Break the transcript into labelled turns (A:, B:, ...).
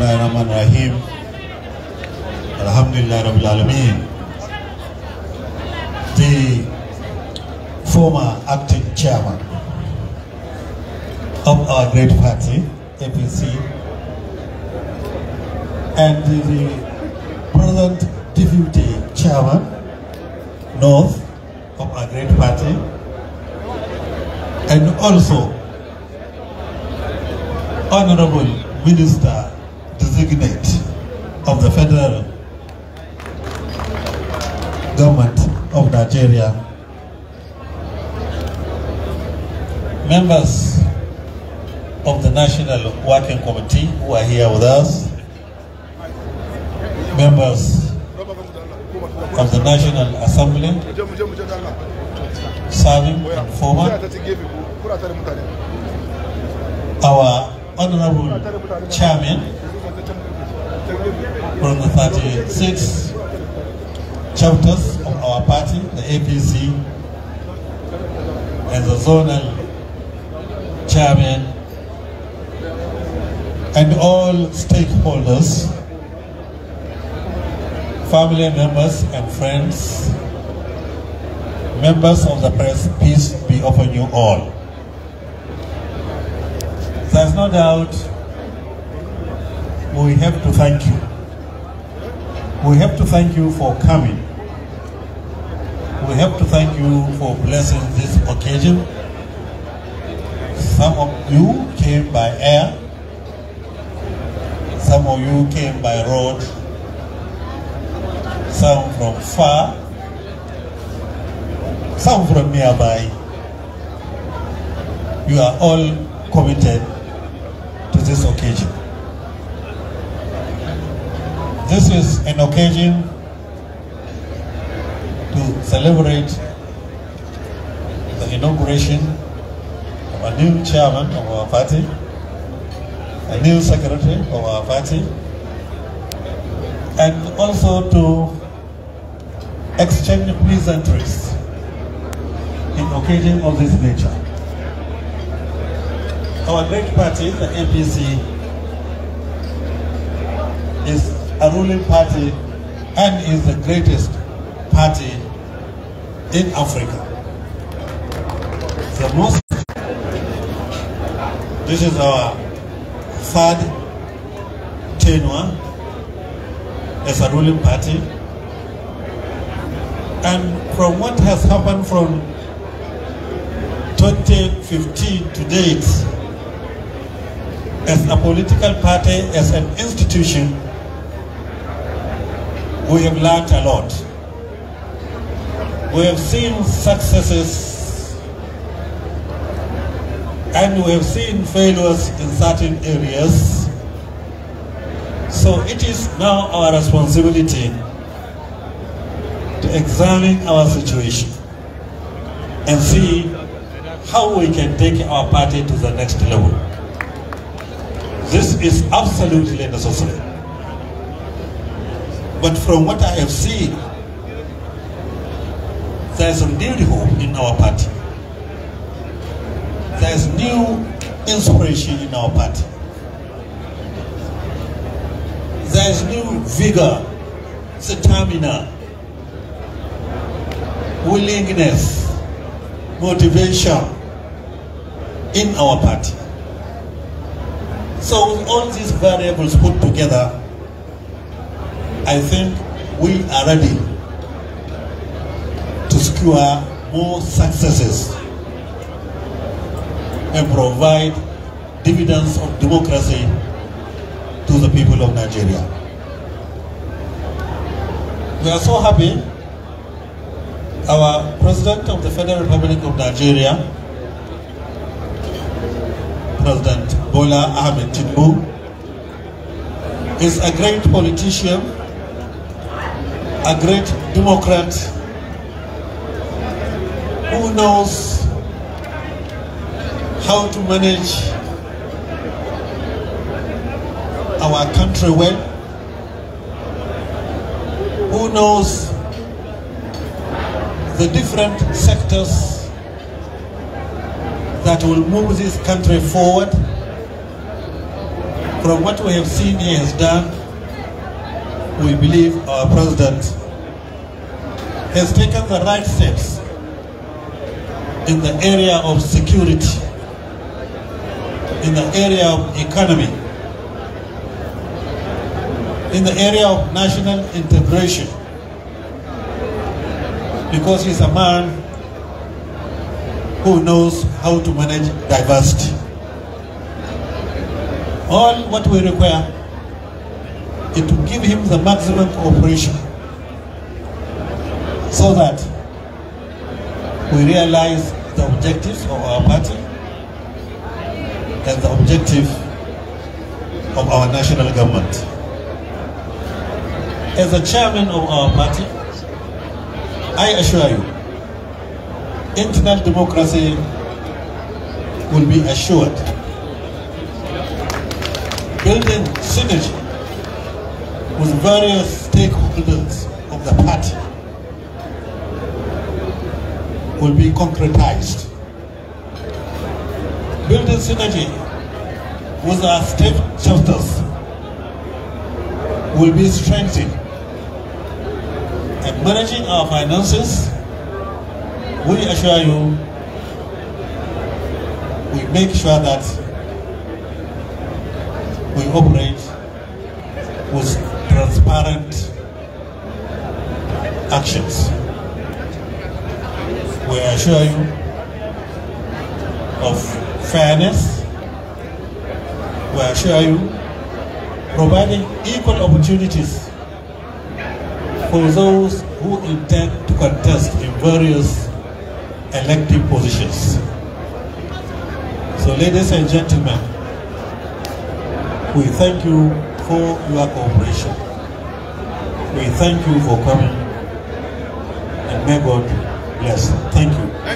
A: बिस्मिल्लाहिर्रहमानिर्रहीम Alhamdulillah The former acting chairman of our great party, APC, and the present deputy chairman, North, of our great party, and also Honorable Minister designate of the federal government of Nigeria. Members of the National Working Committee who are here with us, members of the National Assembly, serving and former, our Honorable Chairman, from the 36 chapters of our party, the APC, and the zonal chairman, and all stakeholders, family members and friends, members of the press, peace be upon you all. There's no doubt we have to thank you. We have to thank you for coming. We have to thank you for blessing this occasion. Some of you came by air. Some of you came by road. Some from far. Some from nearby. You are all committed to this occasion. This is an occasion to celebrate the inauguration of a new chairman of our party, a new secretary of our party, and also to exchange pleasantries in occasion of this nature. Our great party, the NPC, is a ruling party and is the greatest party in Africa. The most, this is our third tenure as a ruling party. And from what has happened from 2015 to date, as a political party, as an institution, we have learned a lot. We have seen successes and we have seen failures in certain areas. So it is now our responsibility to examine our situation and see how we can take our party to the next level. This is absolutely necessary. But from what I have seen, there is renewed hope in our party. There is new inspiration in our party. There is new vigor, stamina, willingness, motivation in our party. So with all these variables put together, I think we are ready to secure more successes and provide dividends of democracy to the people of Nigeria. We are so happy our President of the Federal Republic of Nigeria, President Bola Ahmed Tinubu, is a great politician a great democrat who knows how to manage our country well, who knows the different sectors that will move this country forward from what we have seen he has done, we believe our president has taken the right steps in the area of security, in the area of economy, in the area of national integration, because he's a man who knows how to manage diversity. All what we require is to give him the maximum cooperation so that we realize the objectives of our party and the objective of our national government. As the chairman of our party, I assure you, internal democracy will be assured. Building synergy with various stakeholders of the party will be concretized. Building synergy with our state chapters will be strengthened. And managing our finances, we assure you, we make sure that we operate with transparent actions. We assure you of fairness, We assure you providing equal opportunities for those who intend to contest in various elective positions. So ladies and gentlemen, we thank you for your cooperation. We thank you for coming and may God Yes, thank you.